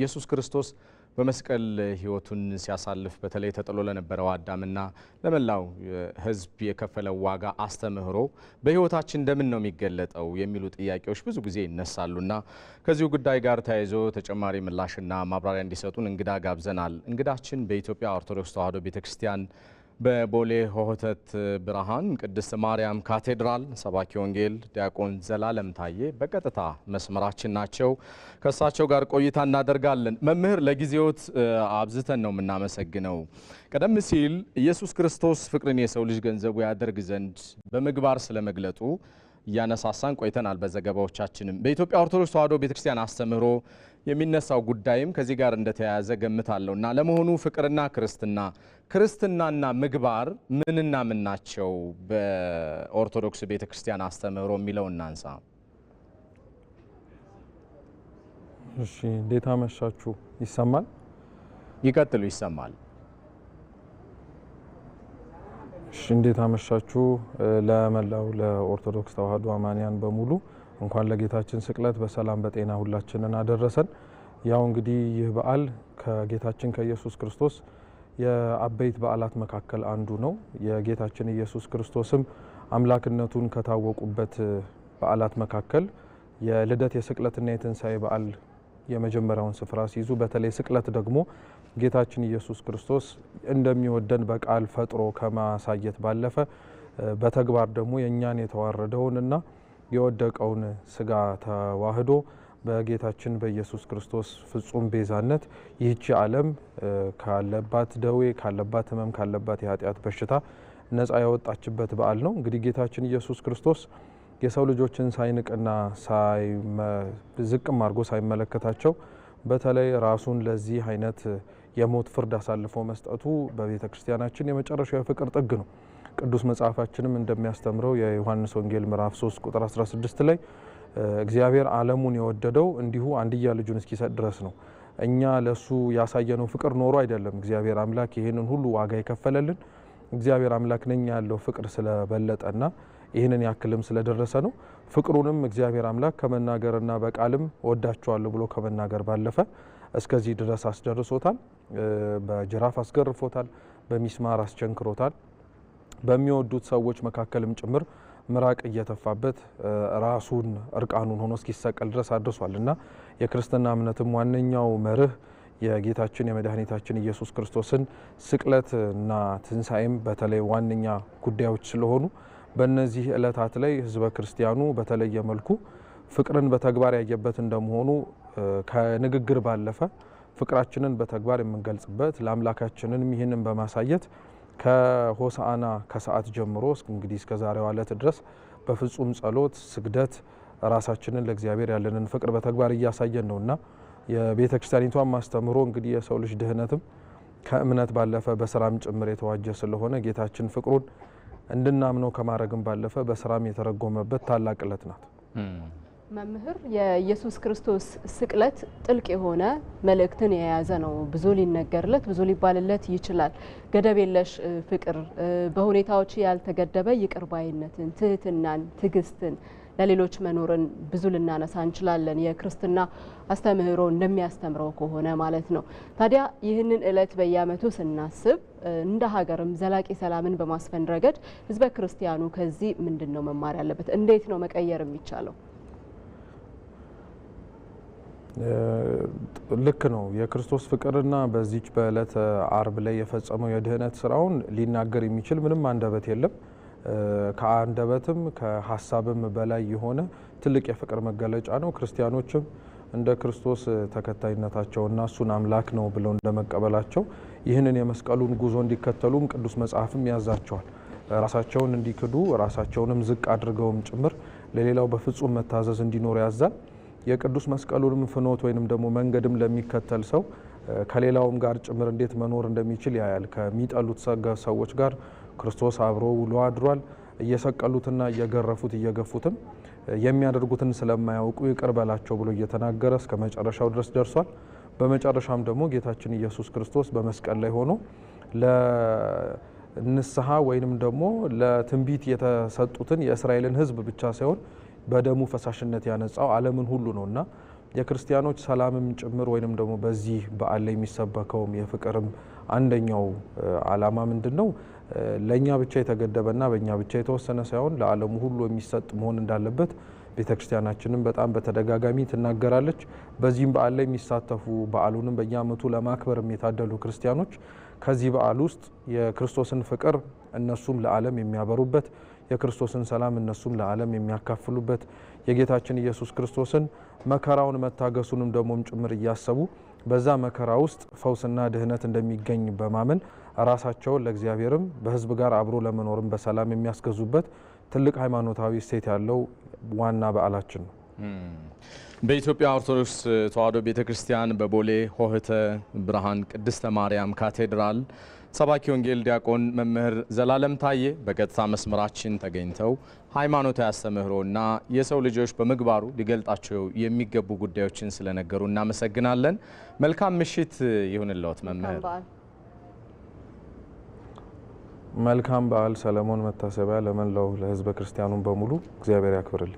ኢየሱስ ክርስቶስ በመስቀል ሕይወቱን ሲያሳልፍ በተለይ ተጥሎ ለነበረው አዳምና ለመላው ሕዝብ የከፈለው ዋጋ አስተምህሮ በሕይወታችን እንደምን ነው የሚገለጠው የሚሉ ጥያቄዎች ብዙ ጊዜ ይነሳሉና ከዚሁ ጉዳይ ጋር ተያይዞ ተጨማሪ ምላሽና ማብራሪያ እንዲሰጡን እንግዳ ጋብዘናል። እንግዳችን በኢትዮጵያ ኦርቶዶክስ ተዋሕዶ ቤተክርስቲያን በቦሌ ሆህተት ብርሃን ቅድስት ማርያም ካቴድራል ሰባኪ ወንጌል ዲያቆን ዘላለም ታዬ በቀጥታ መስመራችን ናቸው። ከእሳቸው ጋር ቆይታ እናደርጋለን። መምህር ለጊዜዎት አብዝተን ነው የምናመሰግነው። ቀደም ሲል ኢየሱስ ክርስቶስ ፍቅርን የሰው ልጅ ገንዘቡ ያደርግ ዘንድ በምግባር ስለመግለጡ እያነሳሳን ቆይተናል። በዘገባዎቻችንም በኢትዮጵያ ኦርቶዶክስ ተዋሕዶ ቤተክርስቲያን አስተምህሮ የሚነሳው ጉዳይም ከዚህ ጋር እንደተያያዘ ገምታለሁ። እና ለመሆኑ ፍቅርና ክርስትና ክርስትናና ምግባር ምንና ምን ናቸው? በኦርቶዶክስ ቤተ ክርስቲያን አስተምህሮ የሚለው እናንሳ። እሺ፣ እንዴት አመሻችሁ? ይሰማል? ይቀጥሉ። ይሰማል እሺ እንዴት አመሻችሁ። ለመላው ለኦርቶዶክስ ተዋሕዶ አማንያን በሙሉ እንኳን ለጌታችን ስቅለት በሰላም በጤና ሁላችንን አደረሰን። ያው እንግዲህ ይህ በዓል ከጌታችን ከኢየሱስ ክርስቶስ የአበይት በዓላት መካከል አንዱ ነው። የጌታችን ኢየሱስ ክርስቶስም አምላክነቱን ከታወቁበት በዓላት መካከል የልደት የስቅለትና የትንሣኤ በዓል የመጀመሪያውን ስፍራ ሲይዙ፣ በተለይ ስቅለት ደግሞ ጌታችን ኢየሱስ ክርስቶስ እንደሚወደን በቃል ፈጥሮ ከማሳየት ባለፈ በተግባር ደግሞ የእኛን የተዋረደውንና የወደቀውን ስጋ ተዋህዶ በጌታችን በኢየሱስ ክርስቶስ ፍጹም ቤዛነት ይህቺ ዓለም ካለባት ደዌ፣ ካለባት ሕመም፣ ካለባት የኃጢአት በሽታ ነጻ ያወጣችበት በዓል ነው። እንግዲህ ጌታችን ኢየሱስ ክርስቶስ የሰው ልጆችን ሳይንቅና ዝቅም አድርጎ ሳይመለከታቸው በተለይ ራሱን ለዚህ አይነት የሞት ፍርድ አሳልፎ መስጠቱ በቤተ ክርስቲያናችን የመጨረሻዊ ፍቅር ጥግ ነው። ቅዱስ መጽሐፋችንም እንደሚያስተምረው የዮሐንስ ወንጌል ምዕራፍ 3 ቁጥር 16 ላይ እግዚአብሔር ዓለሙን የወደደው እንዲሁ አንድያ ልጁን እስኪሰጥ ድረስ ነው። እኛ ለሱ ያሳየነው ፍቅር ኖሮ አይደለም። እግዚአብሔር አምላክ ይህንን ሁሉ ዋጋ የከፈለልን እግዚአብሔር አምላክ ነኛ ያለው ፍቅር ስለበለጠና ይህንን ያክልም ስለደረሰ ነው። ፍቅሩንም እግዚአብሔር አምላክ ከመናገርና በቃልም ወዳቸዋለሁ ብሎ ከመናገር ባለፈ እስከዚህ ድረስ አስደርሶታል። በጅራፍ አስገርፎታል፣ በሚስማር አስቸንክሮታል። በሚወዱት ሰዎች መካከልም ጭምር ምራቅ እየተፋበት ራሱን እርቃኑን ሆኖ እስኪሰቀል ድረስ አድርሷል እና የክርስትና እምነትም ዋነኛው መርህ የጌታችን የመድኃኒታችን ኢየሱስ ክርስቶስን ስቅለትና ትንሣኤም በተለይ ዋነኛ ጉዳዮች ስለሆኑ በእነዚህ ዕለታት ላይ ህዝበ ክርስቲያኑ በተለየ መልኩ ፍቅርን በተግባር ያየበት እንደመሆኑ ከንግግር ባለፈ ፍቅራችንን በተግባር የምንገልጽበት ለአምላካችንም ይህንን በማሳየት ከሆሳአና ከሰዓት ጀምሮ እንግዲህ እስከ ዛሬዋ ዕለት ድረስ በፍጹም ጸሎት፣ ስግደት ራሳችንን ለእግዚአብሔር ያለንን ፍቅር በተግባር እያሳየን ነውና የቤተ ክርስቲያኒቷን ማስተምሮ እንግዲህ የሰው ልጅ ድህነትም ከእምነት ባለፈ በስራም ጭምር የተዋጀ ስለሆነ ጌታችን ፍቅሩን እንድናምነው ከማድረግም ባለፈ በስራም የተረጎመበት ታላቅ ዕለት ናት። መምህር የኢየሱስ ክርስቶስ ስቅለት ጥልቅ የሆነ መልእክትን የያዘ ነው። ብዙ ሊነገርለት ብዙ ሊባልለት ይችላል። ገደብ የለሽ ፍቅር፣ በሁኔታዎች ያልተገደበ ይቅርባይነትን፣ ትህትናን፣ ትግስትን ለሌሎች መኖርን ብዙ ልናነሳ እንችላለን። የክርስትና አስተምህሮ እንደሚያስተምረው ከሆነ ማለት ነው። ታዲያ ይህንን ዕለት በየዓመቱ ስናስብ እንደ ሀገርም ዘላቂ ሰላምን በማስፈን ረገድ ህዝበ ክርስቲያኑ ከዚህ ምንድን ነው መማር ያለበት? እንዴት ነው መቀየር የሚቻለው? ልክ ነው። የክርስቶስ ፍቅርና በዚች በዕለት አርብ ላይ የፈጸመው የድህነት ስራውን ሊናገር የሚችል ምንም አንደበት የለም። ከአንደበትም ከሀሳብም በላይ የሆነ ትልቅ የፍቅር መገለጫ ነው። ክርስቲያኖችም እንደ ክርስቶስ ተከታይነታቸውና እሱን አምላክ ነው ብለው እንደመቀበላቸው ይህንን የመስቀሉን ጉዞ እንዲከተሉም ቅዱስ መጽሐፍም ያዛቸዋል። ራሳቸውን እንዲክዱ ራሳቸውንም ዝቅ አድርገውም ጭምር ለሌላው በፍጹም መታዘዝ እንዲኖር ያዛል። የቅዱስ መስቀሉንም ፍኖት ወይንም ደግሞ መንገድም ለሚከተል ሰው ከሌላውም ጋር ጭምር እንዴት መኖር እንደሚችል ያያል። ከሚጠሉት ሰዎች ጋር ክርስቶስ አብሮ ውሎ አድሯል። እየሰቀሉትና እየገረፉት እየገፉትም የሚያደርጉትን ስለማያውቁ ይቅር በላቸው ብሎ እየተናገረ እስከ መጨረሻው ድረስ ደርሷል። በመጨረሻም ደግሞ ጌታችን ኢየሱስ ክርስቶስ በመስቀል ላይ ሆኖ ለንስሐ ወይንም ደግሞ ለትንቢት የተሰጡትን የእስራኤልን ሕዝብ ብቻ ሳይሆን በደሙ ፈሳሽነት ያነጻው ዓለምን ሁሉ ነውና የክርስቲያኖች ሰላምም ጭምር ወይንም ደግሞ በዚህ በዓል ላይ የሚሰበከውም የፍቅርም አንደኛው ዓላማ ምንድን ነው? ለእኛ ብቻ የተገደበና በእኛ ብቻ የተወሰነ ሳይሆን ለዓለሙ ሁሉ የሚሰጥ መሆን እንዳለበት ቤተ ክርስቲያናችንም በጣም በተደጋጋሚ ትናገራለች። በዚህም በዓል ላይ የሚሳተፉ በዓሉንም በየዓመቱ ለማክበርም የታደሉ ክርስቲያኖች ከዚህ በዓል ውስጥ የክርስቶስን ፍቅር እነሱም ለዓለም የሚያበሩበት የክርስቶስን ሰላም እነሱም ለዓለም የሚያካፍሉበት የጌታችን ኢየሱስ ክርስቶስን መከራውን መታገሱንም ደግሞም ጭምር እያሰቡ በዛ መከራ ውስጥ ፈውስና ድህነት እንደሚገኝ በማመን ራሳቸውን ለእግዚአብሔርም በሕዝብ ጋር አብሮ ለመኖርም በሰላም የሚያስገዙበት ትልቅ ሃይማኖታዊ እሴት ያለው ዋና በዓላችን ነው። በኢትዮጵያ ኦርቶዶክስ ተዋሕዶ ቤተ ክርስቲያን በቦሌ ሆህተ ብርሃን ቅድስተ ማርያም ካቴድራል ሰባኪ ወንጌል ዲያቆን መምህር ዘላለም ታዬ በቀጥታ መስመራችን ተገኝተው ሃይማኖታዊ አስተምህሮና የሰው ልጆች በምግባሩ ሊገልጣቸው የሚገቡ ጉዳዮችን ስለነገሩ እናመሰግናለን። መልካም ምሽት ይሁንልዎት መምህር። መልካም በዓል ሰለሞን መታሰቢያ ለመላው ለህዝበ ክርስቲያኑን በሙሉ እግዚአብሔር ያክብርልኝ።